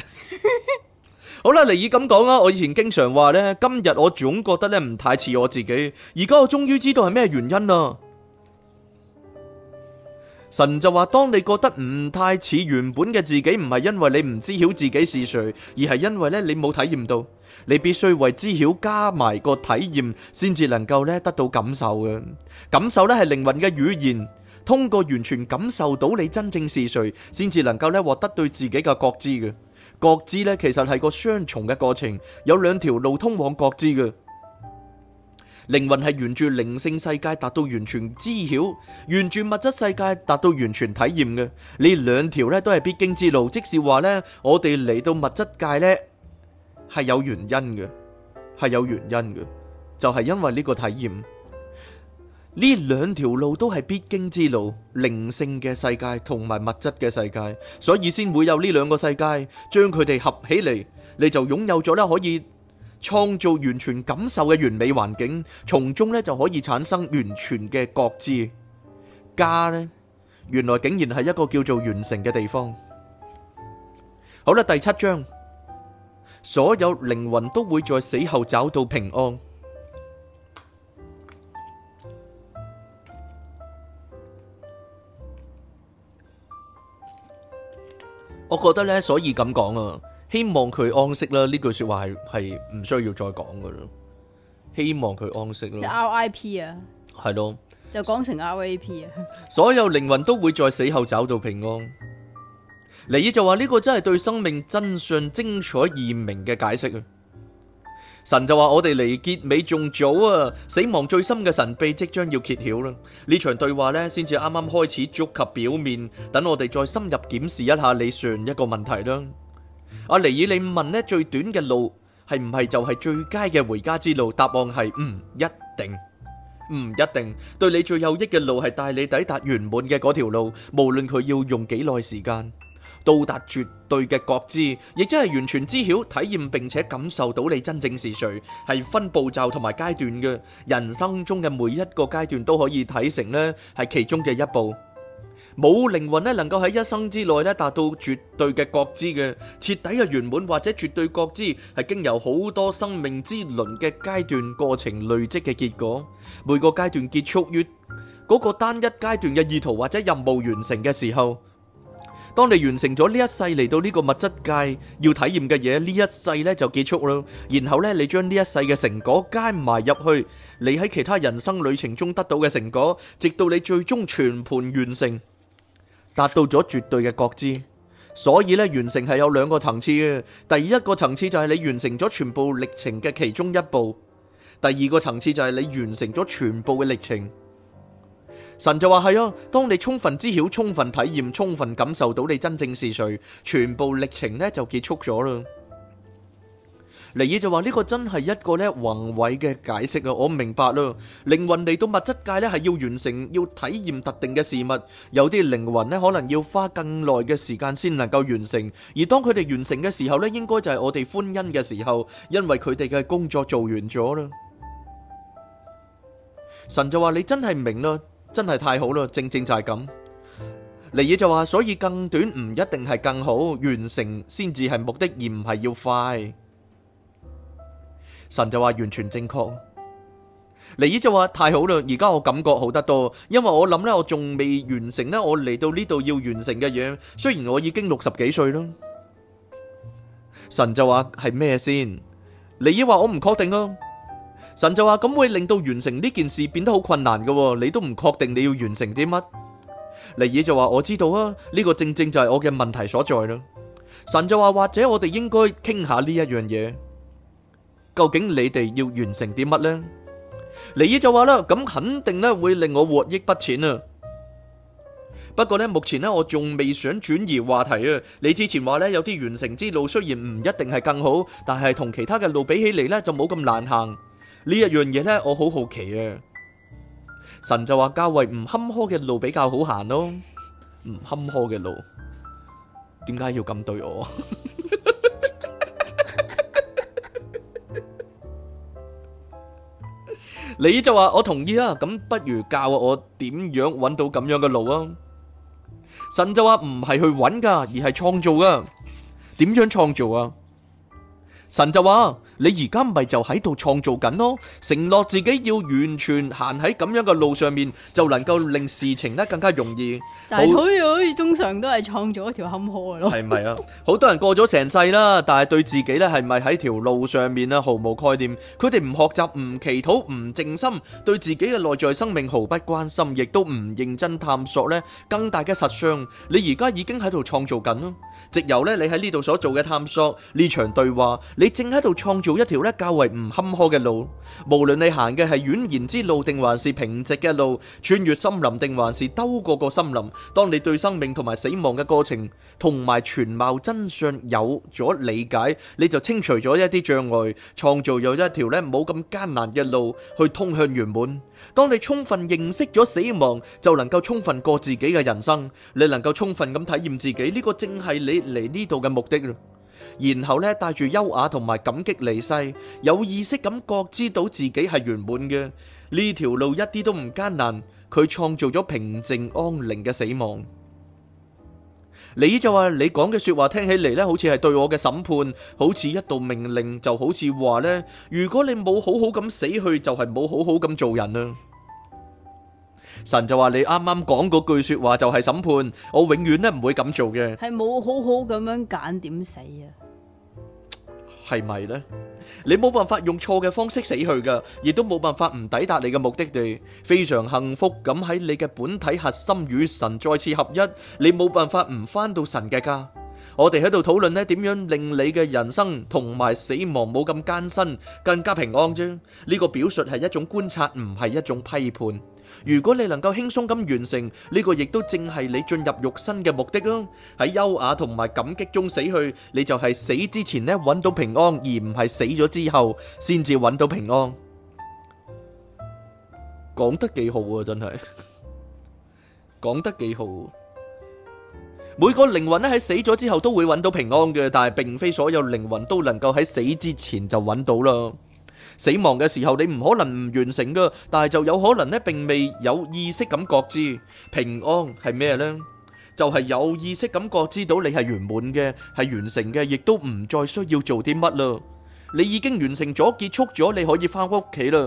好啦，尼爾咁講啦，我以前經常話咧，今日我總覺得咧唔太似我自己，而家我終於知道係咩原因啦。神就話：當你覺得唔太似原本嘅自己，唔係因為你唔知曉自己是誰，而係因為咧你冇體驗到。你必須為知曉加埋個體驗，先至能夠咧得到感受嘅。感受咧，係靈魂嘅語言。通過完全感受到你真正是誰，先至能夠咧獲得對自己嘅覺知嘅。覺知咧，其實係個雙重嘅過程，有兩條路通往覺知嘅。靈魂係沿住靈性世界達到完全知曉，沿住物質世界達到完全體驗嘅。呢兩條咧都係必經之路。即是話咧，我哋嚟到物質界咧，係有原因嘅，係有原因嘅，就係因為呢個體驗。呢兩條路都係必經之路，靈性嘅世界同埋物質嘅世界，所以先會有呢兩個世界，將佢哋合起嚟，你就擁有咗啦，可以創造完全感受嘅完美環境，從中咧就可以產生完全嘅覺知。家咧，原來竟然係一個叫做完成嘅地方。好啦，第七章，所有靈魂都會在死後找到平安。我覺得咧，所以咁講啊。希望佢安息啦，呢句說話係係唔需要再講噶咯。希望佢安息咯。
R I P 啊了，係咯，就講成 R I P 啊。
所有靈魂都會在死後找到平安。尼爾就話呢個真係對生命真相精彩而明嘅解釋啊。神就話我哋離結尾仲早啊，死亡最深嘅神秘即將要揭曉啦。呢場對話呢，先至啱啱開始觸及表面，等我哋再深入檢視一下你上一個問題啦。阿、啊、尼爾，你問咧，最短嘅路係唔係就係最佳嘅回家之路？答案係唔一定，唔一定。對你最有益嘅路係帶你抵達圓滿嘅嗰條路，無論佢要用幾耐時間到達絕對嘅覺知，亦即係完全知曉、體驗並且感受到你真正是誰，係分步驟同埋階段嘅。人生中嘅每一個階段都可以睇成呢，係其中嘅一步。冇靈魂咧，能夠喺一生之內咧達到絕對嘅覺知嘅，徹底嘅圓滿或者絕對覺知，係經由好多生命之輪嘅階段過程累積嘅結果。每個階段結束於嗰個單一階段嘅意圖或者任務完成嘅時候，當你完成咗呢一世嚟到呢個物質界要體驗嘅嘢，呢一世咧就結束啦。然後咧，你將呢一世嘅成果加埋入去，你喺其他人生旅程中得到嘅成果，直到你最終全盤完成。達到咗絕對嘅覺知，所以咧完成係有兩個層次嘅。第一個層次就係你完成咗全部歷程嘅其中一步；第二個層次就係你完成咗全部嘅歷程。神就話係啊，當你充分知曉、充分體驗、充分感受到你真正是誰，全部歷程咧就結束咗啦。尼爾就話呢個真係一個咧宏偉嘅解釋啊！我明白啦，靈魂嚟到物質界咧係要完成，要體驗特定嘅事物。有啲靈魂咧可能要花更耐嘅時間先能夠完成，而當佢哋完成嘅時候咧，應該就係我哋歡欣嘅時候，因為佢哋嘅工作做完咗啦。神就話你真係唔明啦，真係太好啦，正正就係咁。尼爾就話所以更短唔一定係更好，完成先至係目的，而唔係要快。神就話完全正確，尼爾就話太好啦，而家我感覺好得多，因為我諗咧，我仲未完成咧，我嚟到呢度要完成嘅嘢，雖然我已經六十幾歲啦。神就話係咩先？尼爾話我唔確定啊。神就話咁會令到完成呢件事變得好困難噶，你都唔確定你要完成啲乜？尼爾就話我知道啊，呢個正正就係我嘅問題所在啦。神就話或者我哋應該傾下呢一樣嘢。究竟你哋要完成啲乜呢？尼爾就話啦，咁肯定呢會令我獲益不淺啊。不過呢，目前呢，我仲未想轉移話題啊。你之前話呢，有啲完成之路雖然唔一定係更好，但係同其他嘅路比起嚟呢，就冇咁難行呢一樣嘢呢，我好好奇啊。神就話：較為唔坎坷嘅路比較好行咯，唔坎坷嘅路，點解要咁對我？ 你就話我同意啊，咁不如教我點樣揾到咁樣嘅路啊？神就話唔係去揾噶，而係創造噶。點樣創造啊？神就話。你而家咪就喺度創造緊咯，承諾自己要完全行喺咁樣嘅路上面，就能夠令事情咧更加容易。但係好似
好似通常都係創造一條坎坷嘅咯。係
咪啊？好多人過咗成世啦，但係對自己咧係咪喺條路上面咧毫無概念？佢哋唔學習、唔祈禱、唔靜心，對自己嘅內在生命毫不關心，亦都唔認真探索咧更大嘅實相。你而家已經喺度創造緊咯，藉由咧你喺呢度所做嘅探索，呢場對話，你正喺度創造。做一條咧較為唔坎坷嘅路，無論你行嘅係蜿蜒之路定還是平直嘅路，穿越森林定還是兜過個森林。當你對生命同埋死亡嘅過程同埋全貌真相有咗理解，你就清除咗一啲障礙，創造又一條咧冇咁艱難嘅路去通向圓滿。當你充分認識咗死亡，就能夠充分過自己嘅人生。你能夠充分咁體驗自己，呢個正係你嚟呢度嘅目的啦。然後咧，帶住優雅同埋感激離世，有意識咁覺知道自己係圓滿嘅。呢條路一啲都唔艱難，佢創造咗平靜安寧嘅死亡。你就話你講嘅說話聽起嚟咧，好似係對我嘅審判，好似一道命令，就好似話咧，如果你冇好好咁死去，就係冇好好咁做人啊！神就話：你啱啱講嗰句說話就係審判，我永遠咧唔會咁做嘅。
係冇好好咁樣揀點死啊？
係咪呢？你冇辦法用錯嘅方式死去噶，亦都冇辦法唔抵達你嘅目的地。非常幸福咁喺你嘅本體核心與神再次合一，你冇辦法唔返到神嘅家。我哋喺度討論呢點樣令你嘅人生同埋死亡冇咁艱辛，更加平安啫。呢、呢個表述係一種觀察，唔係一種批判。如果你能夠輕鬆咁完成呢個，亦都正係你進入肉身嘅目的咯。喺優雅同埋感激中死去，你就係死之前咧揾到平安，而唔係死咗之後先至揾到平安。講得幾好啊，真係講得幾好。每個靈魂咧喺死咗之後都會揾到平安嘅，但係並非所有靈魂都能夠喺死之前就揾到啦。死亡嘅時候，你唔可能唔完成噶，但係就有可能咧，並未有意識咁覺知平安係咩呢？就係、是、有意識咁覺知到你係圓滿嘅，係完成嘅，亦都唔再需要做啲乜啦。你已經完成咗，結束咗，你可以翻屋企啦。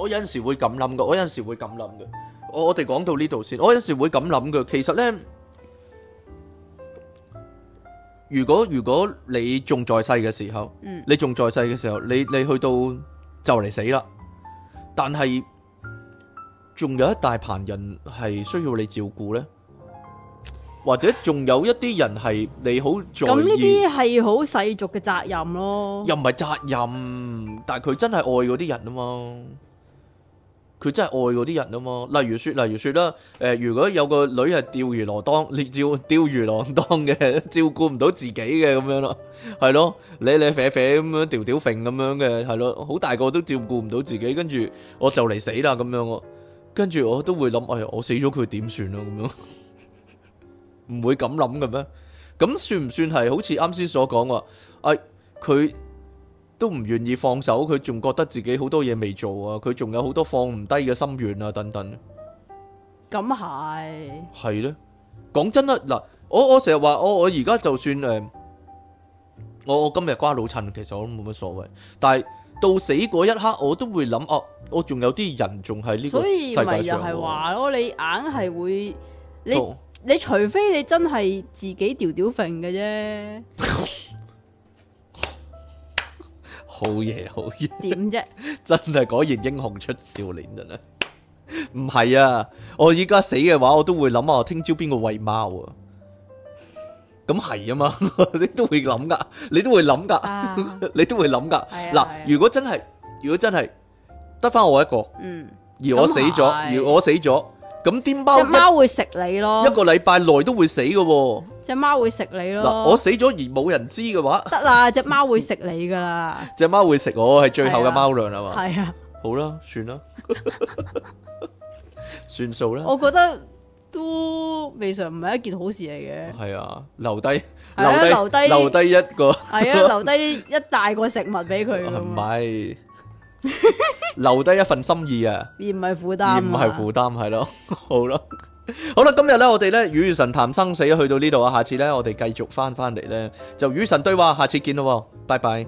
我有陣時會咁諗嘅，我有陣時會咁諗嘅。我我哋講到呢度先。我有陣時會咁諗嘅。其實咧，如果如果你仲在世嘅時候，你仲在世嘅時候，你你去到就嚟死啦，但係仲有一大棚人係需要你照顧咧，或者仲有一啲人係你好在，咁呢啲
係好世俗嘅責任咯，
又唔係責任，但係佢真係愛嗰啲人啊嘛。佢真係愛嗰啲人啊嘛，例如説，例如説啦，誒、呃，如果有個女係釣魚郎當，你照釣魚郎當嘅，照顧唔到自己嘅咁樣啦，係咯，你你啡啡咁樣，調調揈咁樣嘅，係咯，好大個都照顧唔到自己，跟住我就嚟死啦咁樣喎，跟住我都會諗，哎，我死咗佢點算啊咁樣，唔 會咁諗嘅咩？咁算唔算係好似啱先所講話，哎，佢？都唔願意放手，佢仲覺得自己好多嘢未做啊，佢仲有好多放唔低嘅心願啊，等等。
咁係
係咧，講真啦，嗱，我我成日話我我而家就算誒，我我今日瓜老襯，其實我都冇乜所謂。但係到死嗰一刻，我都會諗，哦，我仲有啲人仲係呢個世界上。所以咪又係話
咯，你硬係會你你除非你真係自己吊吊揈嘅啫。
好嘢，好嘢！點啫 呢？ 真係果然英雄出少年啦！唔 係啊，我依家死嘅話，我都會諗下聽朝邊個喂貓啊？咁係啊嘛， 你都會諗噶， 你都會諗噶， 你都會諗噶。嗱、 哎呀，如果真係，如果真係得翻我一個，嗯，而我死咗，而、嗯、是我死咗。咁啲貓隻貓
會食你咯，一
個禮拜內都會死嘅喎。
隻貓會食你咯。嗱，我
死咗而冇人知嘅話，
得啦，隻貓會食你噶啦。
隻貓會食我係最後嘅貓糧啦嘛。係啊。好啦，算啦，算數啦。我
覺得都未嘗唔係一件好事嚟嘅。係啊，留低，係啊，留低，留低一個，係啊，留低一大個食物俾佢。唔
係。 留低一份心意啊，
而唔係負擔，而唔係負
擔，係咯，好咯， 好啦，今日咧，我哋咧與神談生死去到呢度啊，下次咧，我哋繼續返返嚟，咧，就與神對話，下次見咯，拜拜。